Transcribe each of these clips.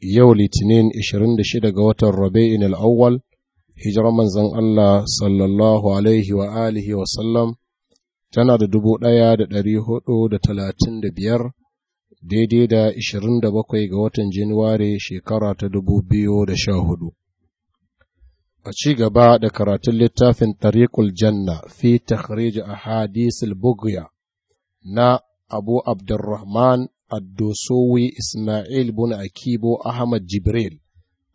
yau litinin 26 ga watan rabi'in al'awwal hijirar manzan Allah sallallahu alaihi wa alihi wa sallam tana da 1435 daidai da 27 ga watan januware shekara ta 2014 a ci gaba da karatun littafin tariqul janna fi takhrij ahadith al-bughya na abu abdurrahman addosowi Ismail bin Akibo Ahmad Jibril,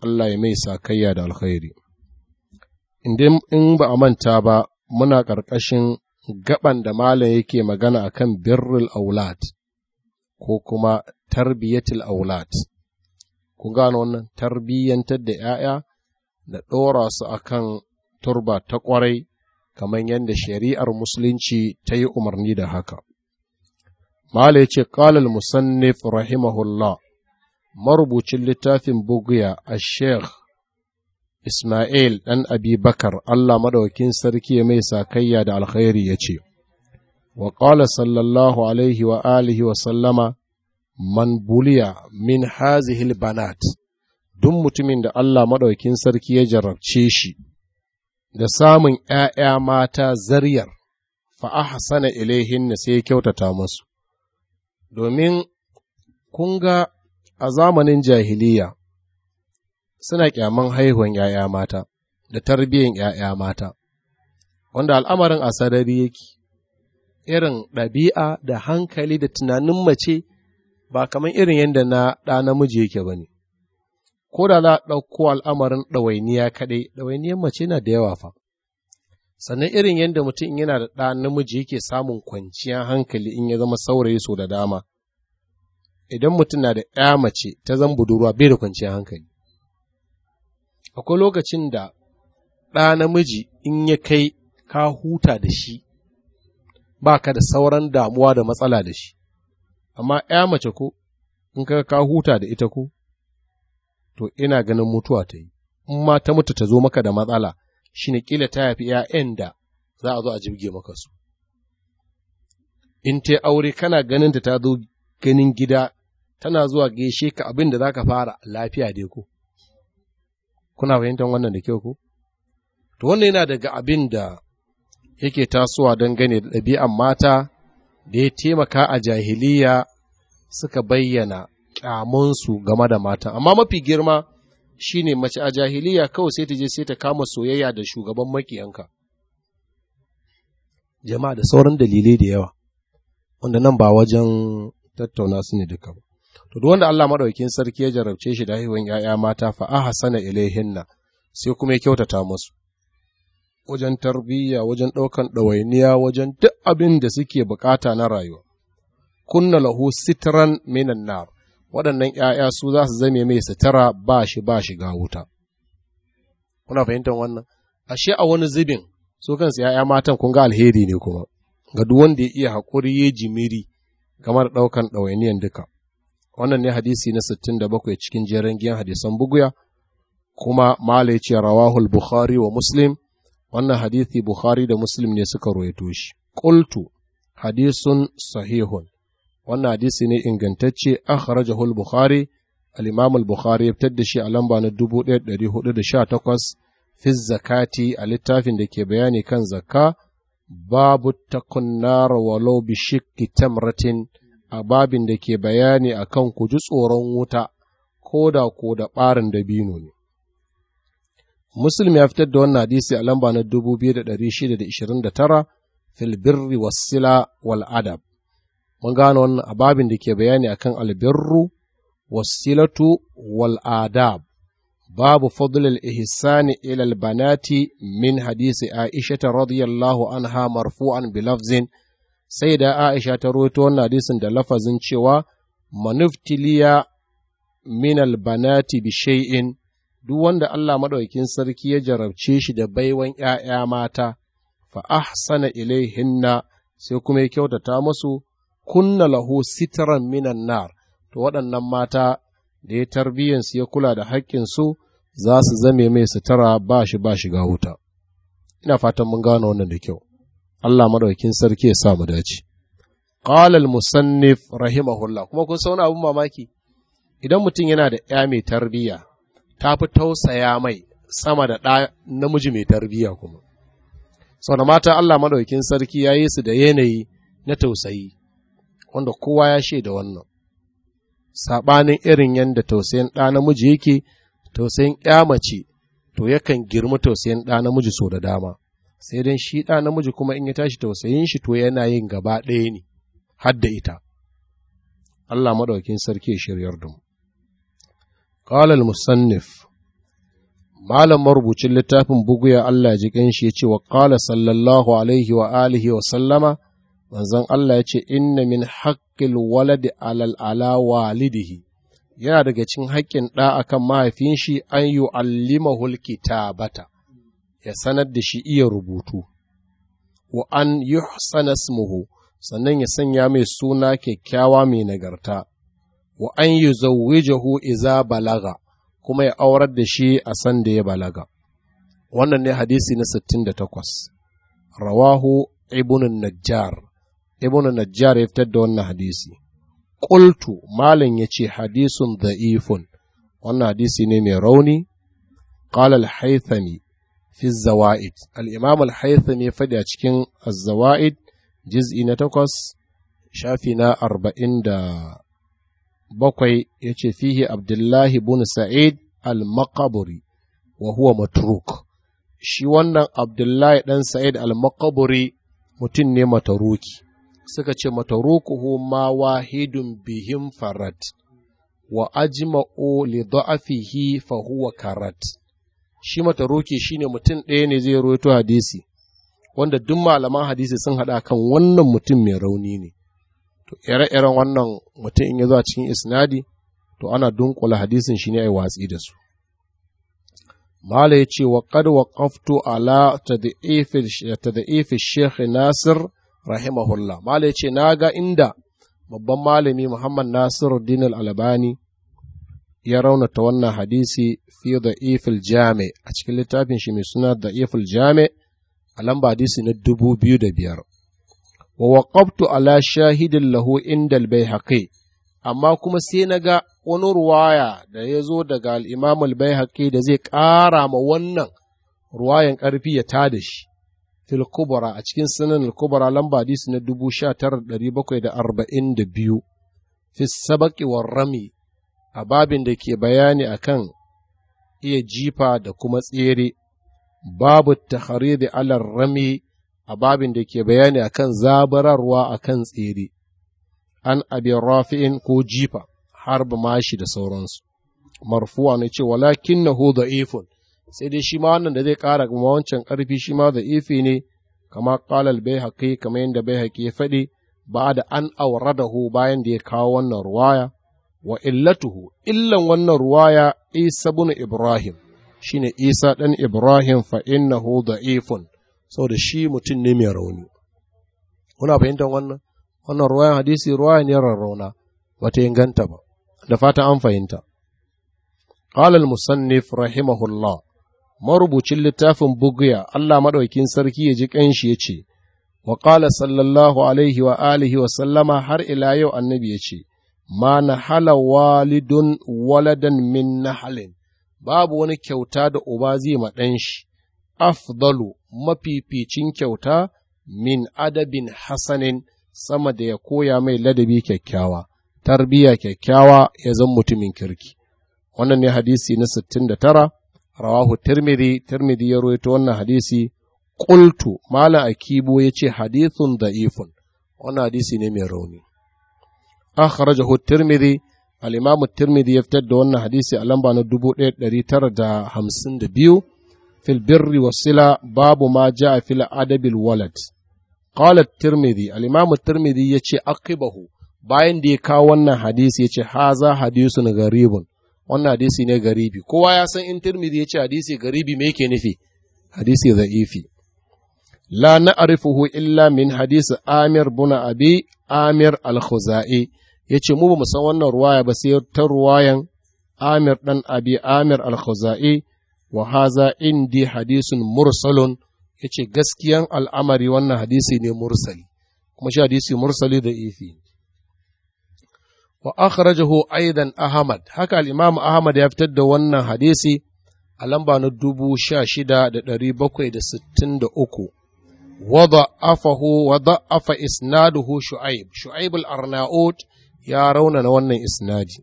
Allah ya mai sakayya da alkhairi. In ba a manta ba, muna ƙarƙashin gaban da malam yake magana akan birrul aulat ko kuma tarbiyatul aulat. Ku gano wannan tarbiyyantar da ‘ya'ya da ɗora su akan turba ta ƙwarai kamar yadda shari'ar musulunci ta yi umarni da haka. Mala ya ce, Ƙalal Musannif rahimahullah, marubucin littafin buguya a Sheikh Ismail ɗan Abi Bakar, Allah madawakin sarki mai sakayya da alkhairi ya ce, Wa ƙala sallallahu alaihi wa alihi wa sallama, man buliya min hazihil banat, duk mutumin da Allah madawakin sarki ya jarabce shi, da samun ’ya'ya mata zaryar, fa'a hasana ilaihin sai ya kyautata musu. domin kun ga a zamanin jahiliya suna kyaman haihuwan ‘ya'ya mata da tarbiyyan ‘ya'ya mata, wanda al'amarin a sarari yake, irin ɗabi'a da hankali da tunanin mace ba kamar irin yadda na ɗa namiji yake ba ne. Ko da za a ɗauko al'amarin ɗawainiya kaɗai, ɗawainiyar mace na da yawa fa. sannan irin yadda mutum in yana da ɗa namiji yake samun kwanciyar hankali in ya zama saurayi so da dama idan mutum na da ɗaya mace ta zan budurwa bai da kwanciyar hankali akwai lokacin da ɗa namiji in ya kai ka huta da shi ba ka da sauran damuwa da matsala da shi amma ‘ya mace ko in ka ka huta da ita ko to ina ganin mutuwa ta yi in ma ta mutu ta zo maka da matsala shi ne ƙila ta haifi ‘ya'yan da za a zo a jibge maka su. In ta aure kana ganin da ta zo ganin gida tana zuwa gaishe ka abin da za ka fara lafiya dai ko. Kuna fahimtar wannan da kyau ko? To wannan yana daga abin da yake tasowa don gane da ɗabi'an mata da ya taimaka a jahiliya suka bayyana ƙyamunsu game da mata. Amma mafi girma shine mace a jahiliya kawai sai ta je sai ta kama soyayya da shugaban makiyanka jama'a da sauran dalilai da yawa wanda nan ba wajen tattauna su ne duka ba to wanda Allah maɗaukin sarki ya jarabce shi da haihuwan ‘ya’ya mata fa ahsana ilaihinna sai kuma ya kyautata musu wajen tarbiyya wajen ɗaukan ɗawainiya wajen duk abin da suke bukata na rayuwa kunna lahu sitran minan nar waɗannan ‘ya'ya su za su zame mai sutura ba shi ba shi ga wuta. Kuna fahimtar wannan? Ashe a wani zubin su kansu ‘ya'ya matan kun ga alheri ne kuma, ga duk wanda ya iya haƙuri ya jimiri game da ɗaukan ɗawainiyan duka. Wannan ne hadisi na sittin da bakwai cikin jerin giyan hadisan buguya, kuma Malai ce rawahul Bukhari wa Muslim, wannan hadisi Bukhari da Muslim ne suka roito shi. Kultu hadisun sahihun. wannan hadisi ne ingantacce akhrajahu al-bukhari al-imam al-bukhari ya fitar da shi a lamba na 1418 fi zakati a littafin da ke bayani kan zakka babu nar walau bi shikki tamratin a babin da ke bayani akan ku ji tsoron wuta ko da ko da ɓarin dabino ne Muslim ya fitar da wannan hadisi a lamba na 2629 fil birri was sila wal adab mun gano wannan a babin da ke bayani akan albirru wasilatu wal adab babu fadlil ihsani ila al banati min hadisi aisha radiyallahu anha marfu'an bi lafzin sai da aisha ta rawaito wannan hadisin da lafazin cewa manuftiliya min al banati bi shay'in duk wanda Allah madaukakin sarki ya jarabce shi da baiwan ‘ya'ya mata fa ahsana ilaihinna sai kuma ya kyautata musu kunna lahu sitran minan nar to waɗannan mata da ya tarbiyyansu ya kula da haƙƙinsu za su zame mai sutura ba shi ba shiga wuta ina fatan mun gano wannan da kyau Allah madaukakin sarki ya sa mu dace qala al musannif rahimahullah kuma kun sauna abun mamaki idan mutum yana da ya mai tarbiyya ta fi tausaya mai sama da ɗa namiji mai tarbiyya kuma sau da mata Allah madaukakin sarki ya yi su da yanayi na tausayi wanda kowa ya da wannan saɓanin irin yadda tausayin ɗa namiji yake tausayin ya mace to yakan girma tausayin ɗa namiji so da dama sai dan shi ɗa namiji kuma in ya tashi tausayin shi to yana yin gaba ɗaya ne har da ita Allah maɗaukin sarki shiryar da mu qala musannif malam marubucin littafin buguya Allah ji shi ya ce wa qala sallallahu alaihi wa alihi wa sallama manzon Allah ya ce inna min haqqil waladi alal ala walidihi yana daga cikin haƙƙin ɗa akan mahaifin shi an yu'allimahul bata, ya sanar da shi iya rubutu wa an yuhsana ismuhu sannan ya sanya mai suna kyakkyawa mai nagarta wa an yuzawwijahu iza balaga kuma ya aurar da shi a san da ya balaga wannan ne hadisi na 68 rawahu ibn najjar ibn najjar ya fitar da wannan hadisi qultu malam yace hadisun da'ifun wannan hadisi ne mai rauni qala al-haythami fi zawaid al-imam al-haythami fadi a cikin az-zawaid juz'i na takwas shafi na arba'in da bakwai yace fihi abdullahi ibn sa'id al maqburi wa huwa matruk shi wannan abdullahi dan sa'id al maqburi mutum ne mataruki suka ce mata rukuhu ma wahidun bihim farat wa ajma'u li da'afihi fa huwa karat shi mata shi shine mutum ɗaya ne zai roto hadisi wanda duk malaman hadisi sun haɗa kan wannan mutum mai rauni ne to ire wannan mutum in ya zo cikin isnadi to ana dunkula hadisin shi ne yi watsi da su mala ya ce wa ala ta tad'ifi Nasir rahimahullah mala ya ce na ga inda babban malami muhammad nasiru al-albani ya raunata wannan hadisi fi da ifil jami a cikin littafin shi mai suna da ifil jami a lamba hadisi na dubu biyu da biyar wa waƙabtu ala shahidin lahu inda albai haƙe amma kuma sai na ga wani ruwaya da ya zo daga al'imamul bai haƙe da zai ƙara ma wannan ruwayan ƙarfi ya tada shi fil a cikin sanin al lamba hadisi na dubu sha tara bakwai da 19742 fi sabaqi war rami a babin da ke bayani akan iya jifa da kuma tsere babu tahridi alar rami a babin da ke bayani akan zabararwa akan tsere an abin rafi'in ko jifa harba mashi da sauransu marfuwa ne ce walakin na hu da'ifun sai dai shi ma wannan da zai ƙara ma wancan ƙarfi shi ma da ifi ne kama ƙalal bai haƙi kama yadda bai haƙi ya faɗi ba da an aura da bayan da ya kawo wannan ruwaya wa illatuhu illan wannan ruwaya isa bin ibrahim shi ne isa ɗan ibrahim fa innahu Sau da shi mutum ne mai rauni kuna fahimtar wannan wannan ruwayan hadisi ruwaya ne rarrauna bata inganta ba da fata an fahimta قال المصنف رحمه الله marubucin littafin bugiya Allah maɗaukin sarki ya ji ƙanshi ya ce, wa ƙala sallallahu alaihi wa alihi wa sallama har ila yau annabi ya ce, ma na hala walidun waladan min halin, babu wani kyauta da uba zai maɗan shi afdalu mafificin kyauta min adabin hasanin sama da ya koya mai ladabi kyakkyawa, tarbiyya kyakkyawa ya zan mutumin kirki. Wannan ne hadisi na sittin da tara. rawahu tirmidhi tirmidhi ya rawaito wannan hadisi qultu malam akibo yace hadithun da'ifun wannan hadisi ne mai rauni akhrajahu tirmidhi al-imam tirmidhi ya fitar da wannan hadisi a lamba na 1952 fil birri wasila babu ma a fil adabil walad qala tirmidhi al-imam tirmidhi yace aqibahu bayan da ya kawo wannan hadisi yace haza hadisun gharibun wannan hadisi ne garibi kowa ya san in tirmidhi ya ce hadisi garibi me yake nufi hadisi dha'ifi la na'rifuhu illa min hadisi amir bin abi amir al-khuzai yace mu bamu san wannan ruwaya ba sai ta ruwayan amir dan abi amir al-khuzai wa haza indi hadisun mursalun yace gaskiyan al'amari wannan hadisi ne mursali kuma shi hadisi mursali da ifi wa akhrajahu aidan Ahmad haka al-Imam Ahmad ya fitar da wannan hadisi a lamba na 16763 wada afahu wada afa isnaduhu Shu'aib Shu'aib al-Arnaut ya rauna na wannan isnadi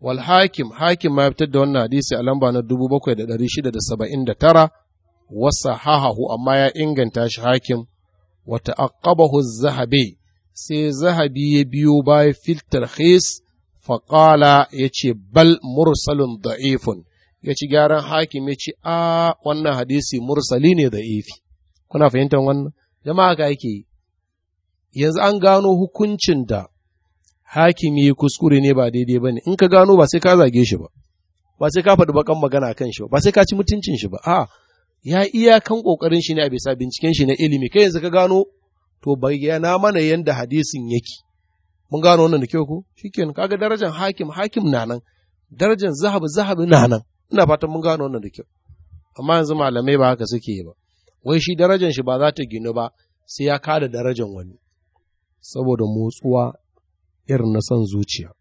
wal hakim hakim ma ya fitar da wannan hadisi a lamba na 7679 wasa amma ya inganta shi hakim wa ta'aqqabahu az-zahabi sai zahabi ya biyo baya fil tarhis faƙala ya ce bal mursalin da'ifun ya ci gyaran hakim ya ce a wannan hadisi mursali ne da'ifi kuna fahimtar wannan jama'a ka yake yi yanzu an gano hukuncin da hakimi kuskure ne ba daidai ba ne in ka gano ba sai ka zage shi ba ba sai ka faɗi bakan magana kan shi ba ba sai ka ci mutuncin shi ba a ya iyakan ƙoƙarin shi ne a bisa binciken shi na ilimi kai yanzu ka gano to bayyana mana yadda hadisin yake mun gano wannan da kyau ko shikenan kaga darajar hakim hakim na nan darajar zahabu. zahabu na nan ina fatan mun gano wannan da kyau amma yanzu malamai ba haka suke ba wai shi darajar shi ba za ta ginu ba sai ya kada darajar wani saboda motsuwa irin na son zuciya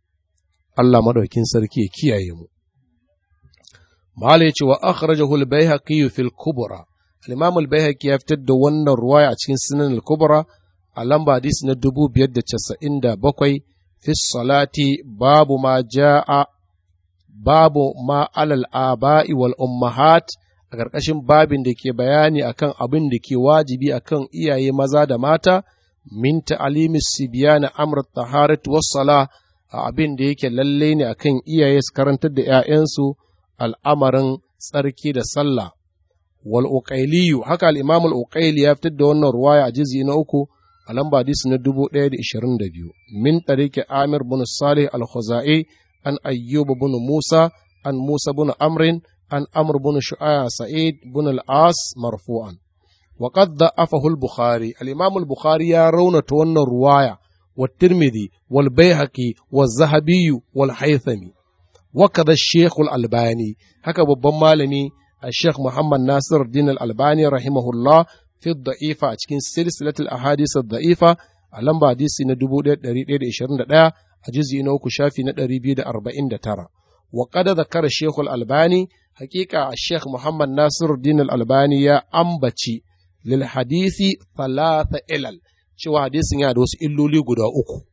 Allah madaukin sarki ya kiyaye mu Malai ce wa akhrajahu al-Baihaqi fil Kubra al-imam al-baihaqi ya fitar da wannan ruwaya a cikin sunan al-kubra a lamba hadisi na 597 fi salati babu ma jaa babu ma alal aba'i wal ummahat a ƙarƙashin babin da ke bayani akan abin da ke wajibi akan iyaye maza da mata min ta'alimi sibiyana amr taharat wassala a abin da yake lalle ne akan iyaye su karantar da ‘ya'yansu al'amarin tsarki da sallah wal haka al-imam ya fitar da wannan ruwaya a juz'i na uku a lamba hadis na biyu. min tariqi amir bin salih al-khuzai an ayyub bin musa an musa bin amrin an amr bin shu'a sa'id bin al-as marfu'an wa qad da'afahu al-bukhari al-imam al-bukhari ya raunata wannan ruwaya wa tirmidhi wal bayhaqi wal zahabi wal haythami wa kadha al-shaykh al-albani haka babban malami الشيخ محمد ناصر الدين الألباني رحمه الله في الضعيفة أتكين سلسلة الأحاديث الضعيفة ألم حديث ندبو دريد إشرين دا أجزي نوكو شافي ندري بيد أربعين ترى وقد ذكر الشيخ الألباني حقيقة الشيخ محمد ناصر الدين الألباني يا أمبتي للحديث ثلاثة إلل cewa hadisin yana da wasu illoli guda uku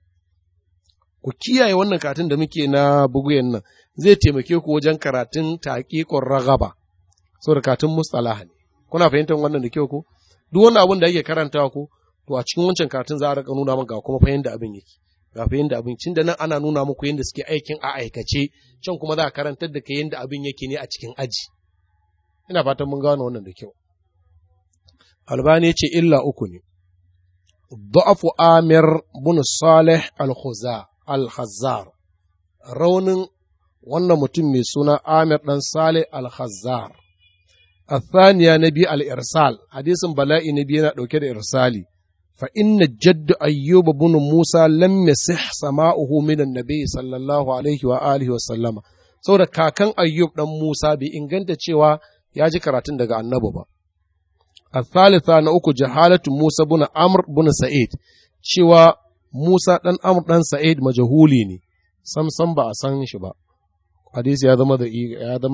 ku kiyaye wannan katin da muke na buguyen nan zai taimake ku wajen karatun taƙiƙon ragaba saboda katun mustalah ne kuna fahimtar wannan da kyau ko duk wannan abin da yake karantawa ku to a cikin wancan karatun za a rika nuna maka kuma fahimta abin yake ga fahimta yanda abin cin da nan ana nuna muku yadda suke aikin a aikace can kuma za a karanta da kai yanda abin yake ne a cikin aji ina fatan mun gano wannan da kyau albani ce illa uku ne ضعف Amir bin Salih Al-Khazzar raunin wannan mutum mai suna Amir dan Salih Al-Khazzar الثانية نبي الإرسال حديث بلائي نبينا دوكي إرسالي فإن جد أيوب بن موسى لم يسح سماؤه من النبي صلى الله عليه وآله وسلم saboda kakan ayyub dan Musa bai inganta cewa ya ji karatun daga annabi ba. Athalitha na uku jahalatu Musa buna Amr buna Sa'id cewa Musa dan Amr dan Sa'id majahuli ne sam sam ba a san shi ba. Hadisi ya zama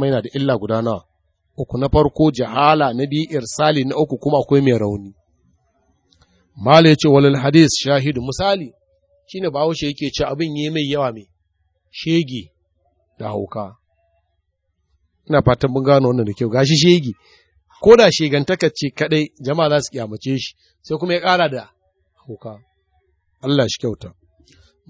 yana da illa guda nawa uku na farko jahala na biyu irsali na uku kuma akwai mai rauni mala yace walil hadis shahidu misali shine bahaushe yake ce abin yi mai yawa mai shege da hauka ina fatan mun gano wannan da kyau gashi shege. ko da shegantakar ce kadai jama'a za su kyamace shi sai kuma ya kara da hauka Allah shi kyauta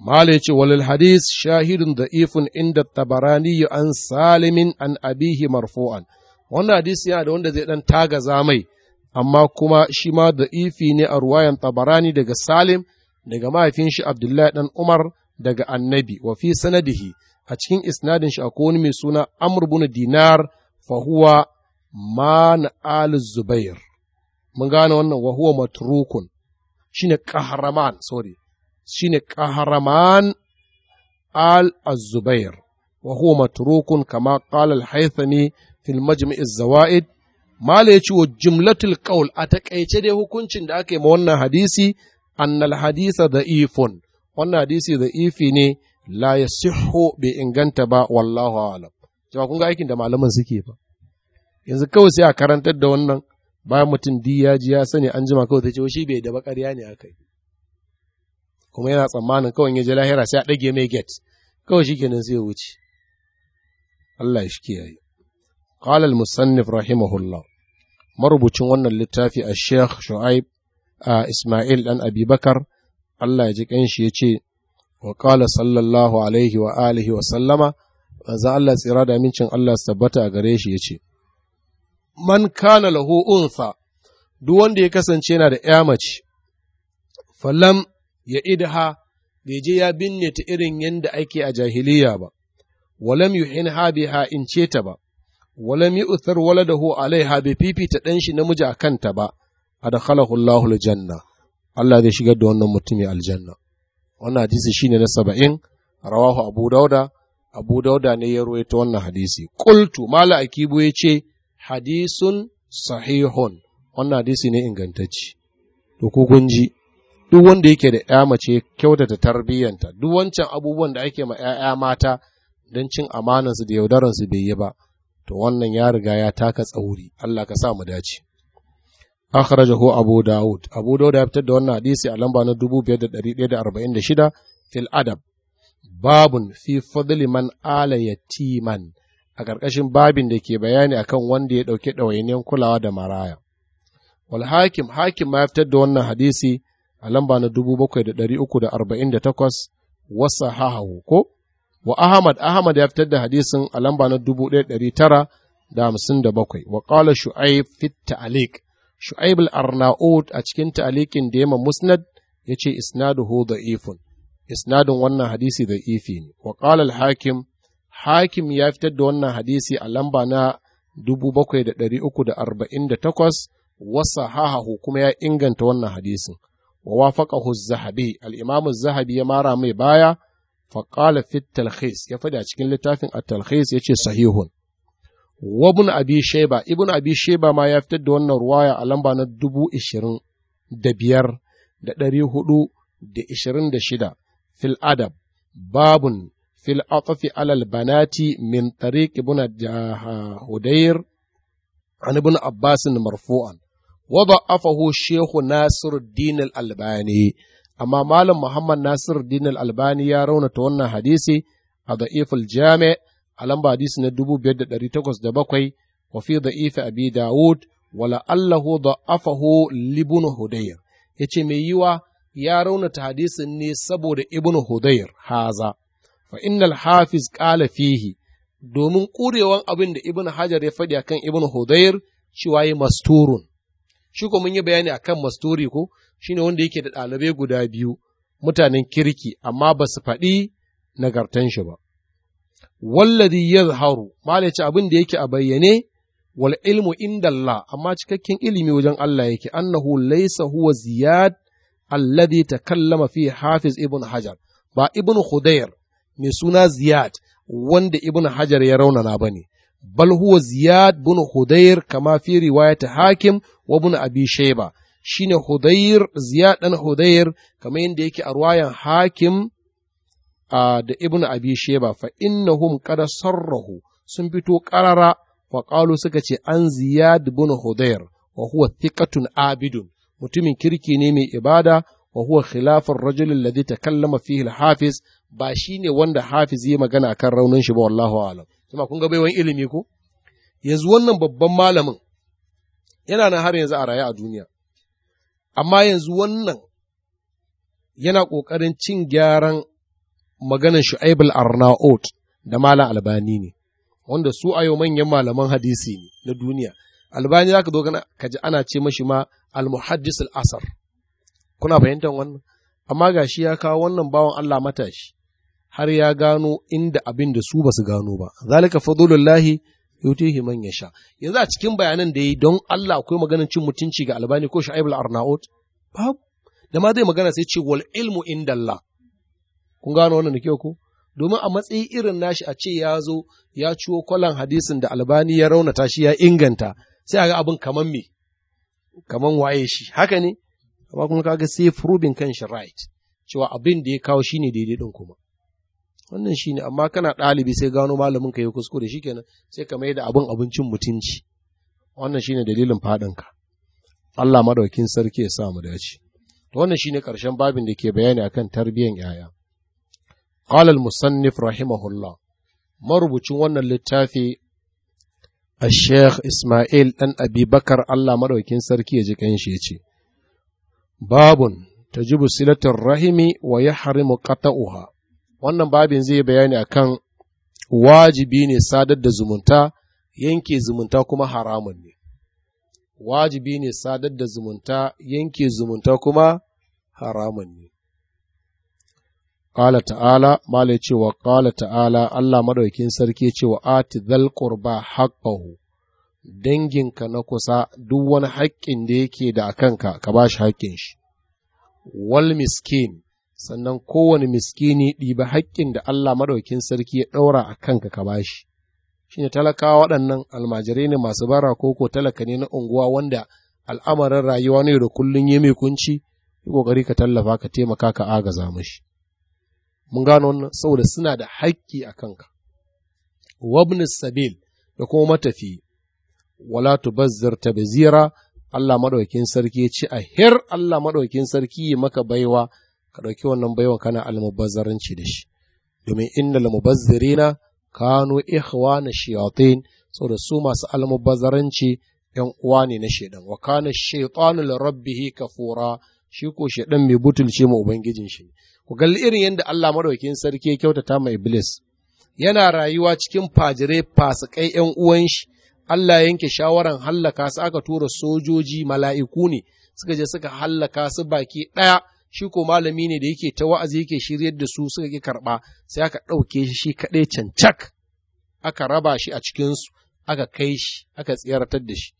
mala yace walil hadis shahidun da'ifun inda tabarani an salimin an abihi marfu'an wannan hadisi yana da wanda zai dan taga zamai amma kuma shi ma da ifi ne a ruwayan tabarani daga salim daga mahaifin shi abdullahi dan umar daga annabi wa fi sanadihi a cikin isnadin shi akwai wani mai suna amr bin dinar fa huwa man al zubair mun gane wannan wa huwa matrukun shine kahraman sorry shine kahraman al zubair wa matrukun kama kalal al fil majmi'iz zawaid mala ya ce wa jumlatul qaul a takaice dai hukuncin da aka yi ma wannan hadisi annal hadisa da'ifun wannan hadisi ifi ne la yasihhu bai inganta ba wallahu a'lam kun ga aikin da malaman suke ba yanzu kawai sai a karantar da wannan bayan mutum di ya ji ya sani an jima kawai ta ce shi bai da bakariya ne akai yi kuma yana tsammanin kawai ya je lahira sai a dage mai get kawai shi kenan sai ya wuce Allah shi kiyaye قال المصنف رحمه الله marubucin wannan littafi a sheikh shu'aib a ismail dan Abibakar. allah ya ji kanshi ya ce wa sallallahu alaihi wa alihi wa sallama manzo allah tsira da amincin allah su tabbata a gare shi ya ce man kana lahu unsa duk wanda ya kasance yana da ya mace falam ya idaha bai je ya binne ta irin yadda ake a jahiliya ba walam yuhin ha biha in ce ta ba walam yu'thar waladahu alaiha bai fifita dan shi namiji a kanta ba adkhalahu Allahu aljanna Allah zai shigar da wannan mutumi aljanna wannan hadisi shine na 70 rawahu Abu Dauda Abu Dauda ne ya ta wannan hadisi qultu mala akibu yace hadisun sahihun wannan hadisi ne ingantacci to duk wanda yake da ya mace kyautata tarbiyyanta duk wancan abubuwan da ake ma 'ya'ya mata don cin amanansu da yaudaransu bai yi ba to wannan ya riga ya taka tsauri Allah ka sa mu dace akhrajahu abu daud abu daud ya fitar da wannan hadisi a lamba na 5146 fil adab babun fi fadli man ala yatiman a ƙarƙashin babin da ke bayani akan wanda ya ɗauki ɗawainiyar kulawa da maraya wal hakim hakim fitar da wannan hadisi a lamba na 7348 wasa ko wa Ahmad Ahmad ya fitar da hadisin a lamba na 1957 wa qala Shu'aib fit ta'liq Shu'aib al-Arnaud a cikin ta'aliqin da yamma Musnad yace isnaduhu da'ifun isnadin wannan hadisi da ifi ne wa hakim Hakim ya fitar da wannan hadisi a lamba na takwas. wasa hahahu kuma ya inganta wannan hadisin wa wafaqahu az-Zahabi al zahabi ya mara mai baya faƙala fit talhis ya faɗi a cikin littafin a talhis ya ce sahihun wabun abi sheba ibn abi sheba ma ya fitar da wannan ruwaya a lamba na dubu ishirin da biyar da ɗari hudu da ishirin da shida fil adab babun fil atafi alal banati min tariq ibn hudair an ibn abbasin marfu'an وضعفه الشيخ ناصر الدين albani. amma Malam Muhammad Nasir Din Albani ya raunata wannan hadisi a da'iful jami' a lamba hadisi na dubu biyar da da takwas bakwai wa fi da'ifi Abi Dawud wala allahu afahu libun Hudayr ce mai yiwa ya raunata hadisin ne saboda Ibn Hudayr haza fa innal hafiz ƙala fihi domin kurewan abin da Ibn Hajar ya faɗi akan Ibn Hudayr cewa waye masturun shi ko mun yi bayani akan masturi ko shine wanda yake da ɗalibai guda biyu mutanen kirki amma ba su faɗi nagartan shi ba wallazi yazharu malai ce abin da yake a bayyane wal ilmu inda Allah amma cikakken ilimi wajen Allah yake annahu laisa huwa ziyad alladhi takallama fi hafiz ibn hajar ba ibn khudair mai suna ziyad wanda ibn hajar ya raunana ba ne. bal huwa ziyad bin khudair kama fi riwayat hakim wa bin abi shaiba shine Hudayr Ziyad dan Hudayr kamar yadda yake a ruwayan Hakim da Ibn Abi Sheba fa innahum qad sarrahu sun fito qarara fa qalu suka ce an Ziyad ibn Hudayr wa huwa thiqatun abidun mutumin kirki ne mai ibada wa huwa khilafur rajul alladhi takallama fihi al-hafiz ba ne wanda hafiz yi magana kan raunin shi ba wallahu a'lam kuma kun ga baiwan ilimi ko yanzu wannan babban malamin yana nan har yanzu a raye a duniya amma yanzu wannan yana ƙoƙarin cin gyaran maganar shu'aibul arnaut da malam albani ne wanda su a yau manyan malaman hadisi ne na duniya albani za ka zo ka ji ana ce mashi ma almuhaddis al'asar asar kuna fahimtar wannan amma ga shi ya kawo wannan bawan Allah matashi har ya gano inda abin da su basu gano ba zalika fadlullahi yutihi man ya sha yanzu a cikin bayanan da yi don Allah akwai maganar cin mutunci ga albani ko sha'ibul al-arnaut babu da ma zai magana sai ce wal ilmu indallah kun gano wannan da kyau ko domin a matsayi irin nashi a ce ya zo ya ciwo kwalan hadisin da albani ya raunata shi ya inganta sai a ga abin kaman me kaman waye shi haka ne amma kuma kaga sai furubin kanshi right cewa abin da ya kawo shi ne daidai din kuma wannan shi ne amma kana ɗalibi sai gano malamin ka yi kuskure shi kenan sai ka mai da abin abincin mutunci wannan shi ne dalilin faɗinka Allah maɗaukin sarki ya sa mu dace wannan shi ne ƙarshen babin da ke bayani akan tarbiyyan yaya qala musannif rahimahullah marubucin wannan littafi a Isma'il الشيخ إسماعيل أن أبي بكر الله مروكين سركي يجيكين شيء باب rahimi wa ya harimu ƙata'uha wannan babin zai bayani akan wajibi ne sadar da zumunta yanke zumunta kuma haramun ne wajibi ne sadar da zumunta yanke zumunta kuma haramun ne Ƙala ta'ala, Mala ce wa ƙala ta'ala, Allah maɗaukin sarki ce wa ati zal ƙurba haƙƙahu, danginka na kusa duk wani haƙƙin da yake da a kanka, ka ba shi haƙƙin shi. Wal miskin sannan kowane miskini ɗiba haƙƙin da Allah maɗaukin sarki ya ɗaura a kanka ka bashi. Shi ne talakawa waɗannan almajirai ne masu bara ko ko talaka ne na unguwa wanda al'amarin rayuwa ne da kullum ya mai kunci, yi ƙoƙari ka tallafa ka taimaka ka agaza mashi. Mun gano wannan saboda suna da haƙƙi a kanka. Wabni sabil da kuma matafi, wala tubazzir bazira, Allah maɗaukin sarki ya ce a her Allah maɗaukin sarki ya maka baiwa ka ɗauki wannan baiwan kana almubazzaranci da shi domin inna almubazzirina kanu shiyatin so da su masu almubazzaranci ‘yan uwa ne na shaidan, wa kana shaitanu la rabbihi kafura shi ko shaidan mai butulce ma Ubangijin shi. Ku galli irin yadda Allah madaukin sarki ya kyautata ma Iblis, yana rayuwa cikin fajire fasikai ‘yan uwan shi, Allah yanke shawaran hallaka su aka tura sojoji mala'iku ne suka je suka hallaka su baki ɗaya shi ko malami ne da yake ta wa'azi yake shiryar da su suka ke karba sai aka ɗauke shi shi kaɗai cancak aka raba shi a cikinsu aka kai shi aka tsiyartar da shi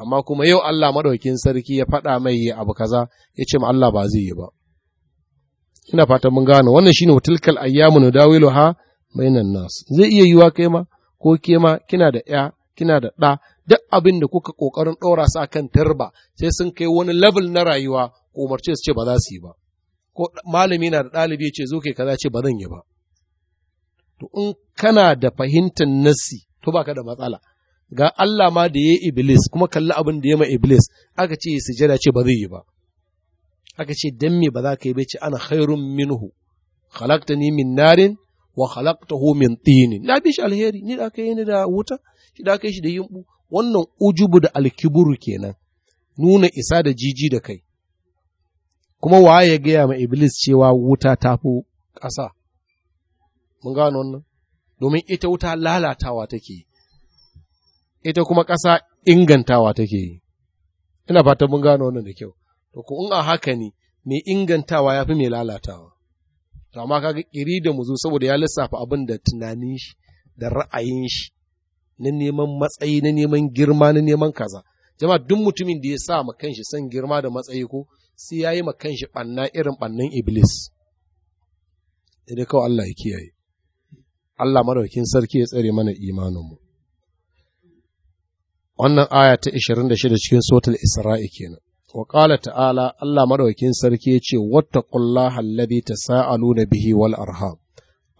amma kuma yau Allah maɗaukin sarki ya faɗa mai yi abu kaza ya ce ma Allah ba zai yi ba ina fatan mun gane wannan shine tilkal ayyamu nudawilu ha bainan nas zai iya yiwa kai ma ko ke ma kina da ya kina da ɗa duk abin da kuka kokarin ɗora su akan tarba sai sun kai wani level na rayuwa umarce su ce ba za su yi ba ko malami na da ɗalibi ce zo ke kaza ce ba zan yi ba to in kana da fahimtar nasi, to baka da matsala ga Allah ma da yayi iblis kuma kalli abin da ya ma iblis aka ce sujada ce ba zai yi ba aka ce dan me ba za ka yi ba ce ana khairun minhu khalaqtani min narin wa khalaqtahu min tin na bi shi alheri ni da aka yi ni da wuta shi da aka yi shi da yimbu wannan ujubu da alkiburu kenan nuna isa da jiji da kai kuma waye ya gaya ma Iblis cewa wuta ta fi ƙasa. Mun gano wannan, domin ita wuta lalatawa take, ita kuma ƙasa ingantawa take yi. Ina fata mun gano wannan da kyau, to ku in a haka ne, mai ingantawa ya fi mai lalatawa. To, amma kaga ƙiri da muzu saboda ya lissafa abin da tunanin shi, da ra'ayin shi, na neman matsayi, na neman girma, na neman kaza. Jama'a duk mutumin da ya sa ma kanshi son girma da matsayi ko, sai ya yi makan shi ɓanna irin ɓannan Iblis. Idan kawai Allah ya kiyaye. Allah maraukin sarki ya tsare mana imaninmu. Wannan aya ta 26 cikin sotar Isra'i kenan. Wa ƙala ta'ala Allah maraukin sarki ya ce, Wata ƙulla hallabi ta sa'alu na bihi wal arham.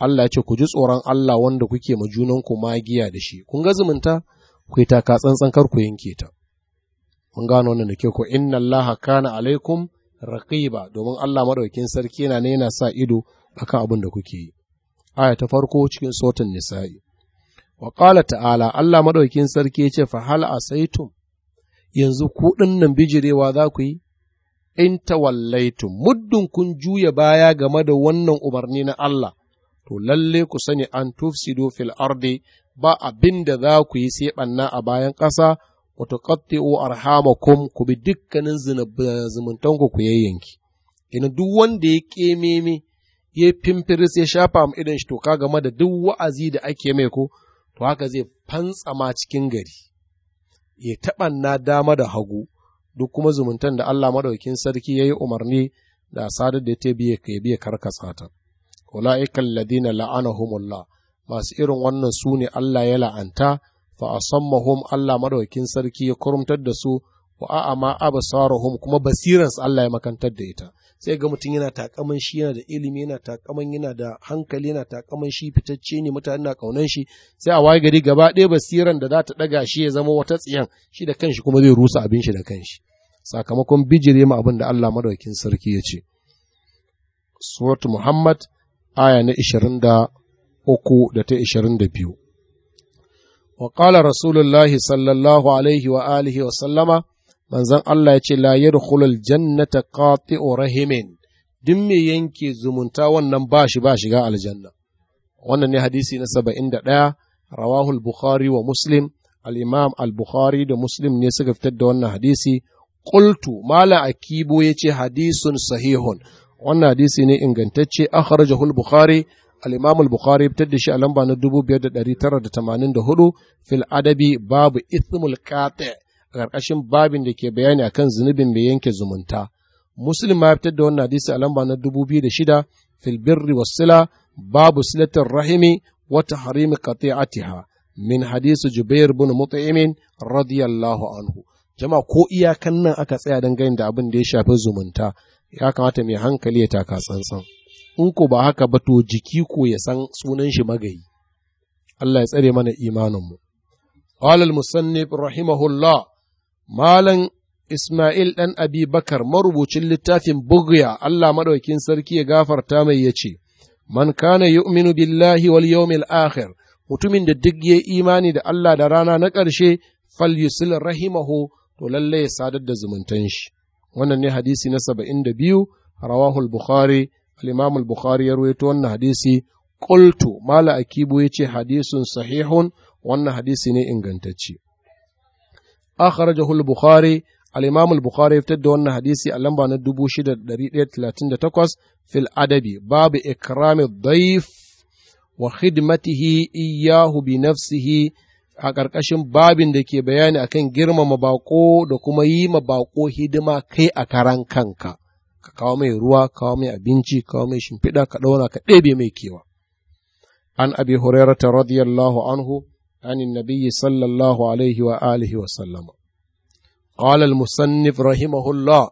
Allah ce, Ku ji tsoron Allah wanda kuke ma junanku magiya da shi, kun ga zumunta, ku yi ka tsantsan kar ku yanke ta. mun gano wannan da ke ko inna Allah kana alaikum raqiba domin Allah madaukin sarki yana ne yana sa ido akan abin da kuke yi aya ta farko cikin sotin nisa'i wa qala ta'ala Allah madaukin sarki ya ce fa hal asaitum yanzu ku nan bijirewa za ku yi in tawallaitum muddun kun juya baya game da wannan umarni na Allah to lalle ku sani an tufsidu fil ardi ba abin da za ku yi sai banna a bayan ƙasa wa tuqatti'u arhamakum ku bi dukkanin zumuntanku ku yayyanki ina duk wanda ya kememe ya fimfiris ya shafa mu idan shi to ka game da duk wa'azi da ake mai ko to haka zai fantsama cikin gari ya taɓa na dama da hagu duk kuma zumuntan da Allah madaukin sarki yayi umarni da sadar da ta biye ka biye karkasa ta ulaiikal ladina la'anahumullah masu irin wannan su ne Allah ya la'anta fa a mahum Allah madaukakin sarki ya kurumtar da su wa a'ama absaruhum kuma basiransu Allah ya makantar da ita sai ga mutum yana takaman shi yana da ilimi yana takaman yana da hankali yana takaman shi fitacce ne mutane na kaunan shi sai a waye gari gaba ɗaya basiran da za ta ɗaga shi ya zama wata tsiyan shi da kanshi kuma zai rusa abin shi da kanshi sakamakon bijire ma abin da Allah madaukakin sarki ya ce suratu muhammad aya na 23 da ta 22 wa qala rasulullahi sallallahu alaihi wa wa sallama manzon Allah ya ce la yadkhulul jannata qati'u rahimin duk mai yanke zumunta wannan ba ba shiga aljanna wannan ne hadisi na saba'in da ɗaya rawahul bukhari wa muslim al-imam da muslim ne suka fitar da wannan hadisi Kultu Malam akibo yace hadisin sahihun wannan hadisi ne ingantacce akhrajahu al-bukhari a imam al-Bukhari ya da shi a lamba na 5984 fil adabi babu ismul qati' karkashin babin da ke bayani akan zunubin mai yanke zumunta. Muslim ya fitar da wani hadisi a lamba na 2006 fil birri was babu silatar rahimi wa tahrimi qati'atiha min hadisi jubairu bin Mut'im radiyallahu anhu. Jama'a ko iyakan nan aka tsaya don ganin da abin da ya shafi zumunta ya kamata mai hankali ya taka tsantsan. in ko ba haka ba to jiki ko ya san sunan shi magayi Allah ya tsare mana imaninmu قال المصنف musannif rahimahullah Malam Ismail ɗan Abi Bakar marubucin littafin Bugya Allah maɗaukin sarki ya gafarta mai ya ce, Man kana yu'minu billahi wal yawmil akhir mutumin da duk ya imani da Allah da rana na ƙarshe fal yusil rahimahu to lalle ya sadar da zumuntan shi. Wannan ne hadisi na saba'in da biyu rawahul Bukhari al-imam al-bukhari ya rawaito wannan hadisi qultu mala akibu yace hadisun sahihun wannan hadisi ne ingantacce akhrajahu al-bukhari al-imam al-bukhari ya fitar da wannan hadisi a lamba na 6138 fil adabi babu ikrami dhaif wa khidmatihi iyyahu bi nafsihi a ƙarƙashin babin da ke bayani akan girmama baƙo da kuma yi ma baƙo hidima kai a karan kanka ka kawo mai ruwa kawo mai abinci kawo mai shimfiɗa ka ɗaura ka ɗebe mai kewa an abi hurairata radiyallahu anhu عن النبي صلى الله عليه وآله وسلم قال المصنف رحمه الله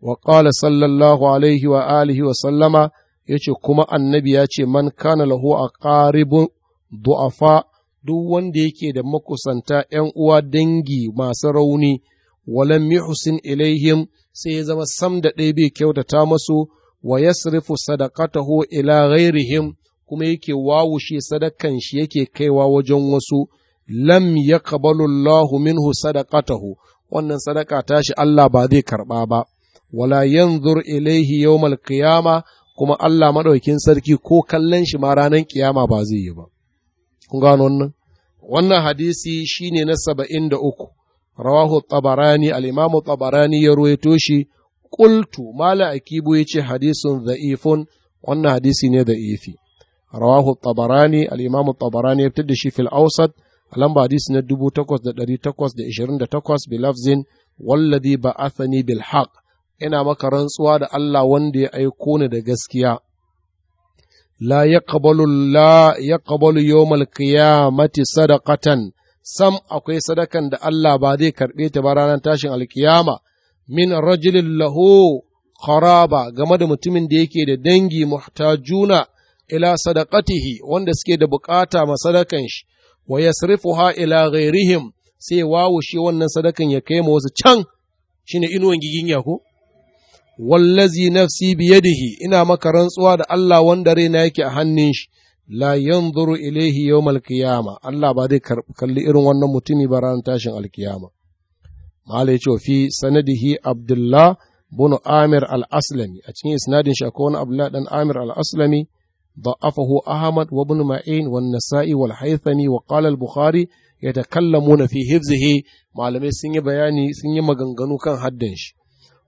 وقال صلى الله عليه وآله وسلم يجي كما النبي يجي من كان له أقارب ضعفاء duk wanda yake da makusanta ’yan uwa dangi masu rauni, walam yuhsin ilaihim sai ya zama sam da ɗaya bai kyautata masu wa yasrifu sadaqatahu ila ghairihim kuma yake wawushe sadakan shi yake kaiwa wajen wasu lam ya kabalullahu minhu sadakatahu wannan sadaka tashi Allah ba zai karɓa ba wala yanzur ilaihi yau malkiyama kuma Allah maɗaukin sarki ko kallon shi ma ranar kiyama ba zai yi ba wannan wannan hadisi shine na saba'in da uku rawahu tabarani al-imamu tabarani ya ruwaito shi qultu mala akibu yace hadisin za'ifin wannan hadisi ne za'ifi. rawahu tabarani al-imamu tabarani ya fitar da shi fil awsat hadisi na 8828 bi lafzin wallazi ba'athani bil haqq ina maka rantsuwa da Allah wanda ya aiko ni da gaskiya la yaqbalu la yaqbalu yawmal qiyamati sadaqatan sam akwai sadakan da Allah ba zai karɓe ta ba ranar tashin alkiyama min rajulin laho kharaba game da mutumin da yake da dangi muhtajuna ila sadaqatihi wanda suke da bukata ma sadakan shi wa yasrifuha ila ghairihim sai shi wannan sadakan ya kai ma wasu can shine inuwan giginya ko wallazi nafsi biyadihi ina maka rantsuwa da Allah wanda raina yake a hannun shi la yin zuru ilaihi yau malkiyama Allah ba zai kalli irin wannan mutumin ba ranar tashin alkiyama malai ce fi sanadihi abdullah bunu amir al-aslami a cikin isnadin shi akwai wani abdullah dan amir al-aslami ba afahu ahmad wa bunu ma'in wa nasa'i wal haythami bukhari ya takallamu na fi malamai sun yi bayani sun yi maganganu kan haddin shi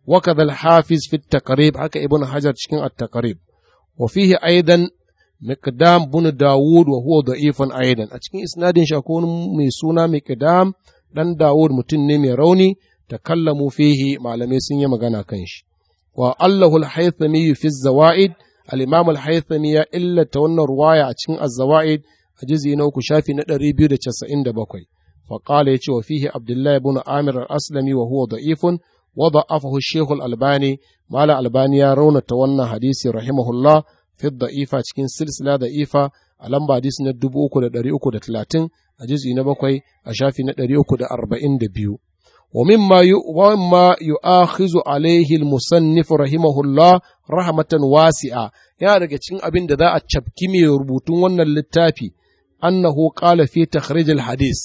wa kadal hafiz fi haka ibnu hajar cikin at-taqrib وفيه أيضا Miqdam bin Dawud wa huwa da'ifan aidan a cikin isnadin shi akwai mai suna Miqdam dan Dawud mutum ne mai rauni takallamu fihi malamai sun yi magana kan shi wa Allahu al-Haythami fi zawaid al-Imam al-Haythami ya illata wannan ruwaya a cikin az-zawaid a juz'i na uku shafi na 297 fa qala yace wa fihi Abdullah ibn Amir al-Aslami wa huwa da'ifun وضعفه الشيخ الألباني مال الألباني يرون تولى حديث رحمه الله fi da'ifa cikin silsila ifa a lamba hadisi na 3330 a juz'i na bakwai a shafi na 342 ومما ومما يؤاخذ عليه المصنف رحمه الله رحمة واسعة يا daga cikin abin da za a cafki mai rubutun wannan littafi annahu qala fi takhrij hadis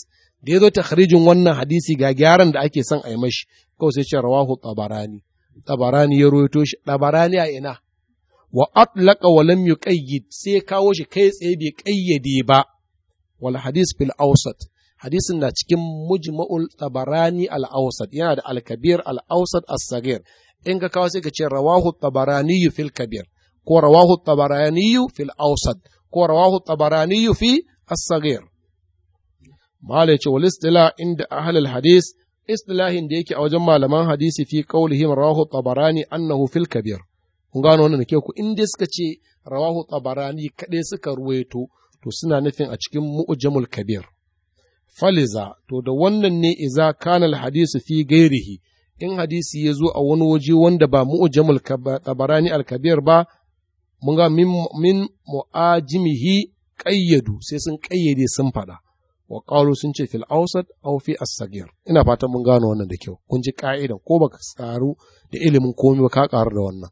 da yazo takhrijin wannan hadisi ga gyaran da ake son a yi mashi kawai sai ce rawahu tabarani tabarani ya rawaito shi tabarani a ina wa atlaka wa lam yuqayyid sai kawo shi kai tsaye bai kayyade ba wal hadis fil awsat hadisin na cikin mujma'ul tabarani al awsat yana da al kabir al awsat as sagir in ka kawo sai ka ce rawahu tabarani fil kabir ko rawahu tabarani fil awsat ko rawahu tabarani fi as sagir malai ce wal istila inda ahlul hadis istilahin da yake a wajen malaman hadisi fi qaulihim rawahu tabarani annahu fil kabir kun gano wannan da ke ku in suka ce rawahu tabarani kaɗai suka ruwaito to suna nufin a cikin mu'jamul kabir faliza to da wannan ne iza kana hadisu fi gairihi in hadisi ya zo a wani waje wanda ba mu'jamul tabarani al-kabir ba mun ga min mu'ajimihi qayyadu sai sun qayyade sun faɗa wa qalu sun ce fil awsat aw fi as ina fatan mun gano wannan da kyau kun ji ka'idan ko baka tsaru da ilimin komai ka karu da wannan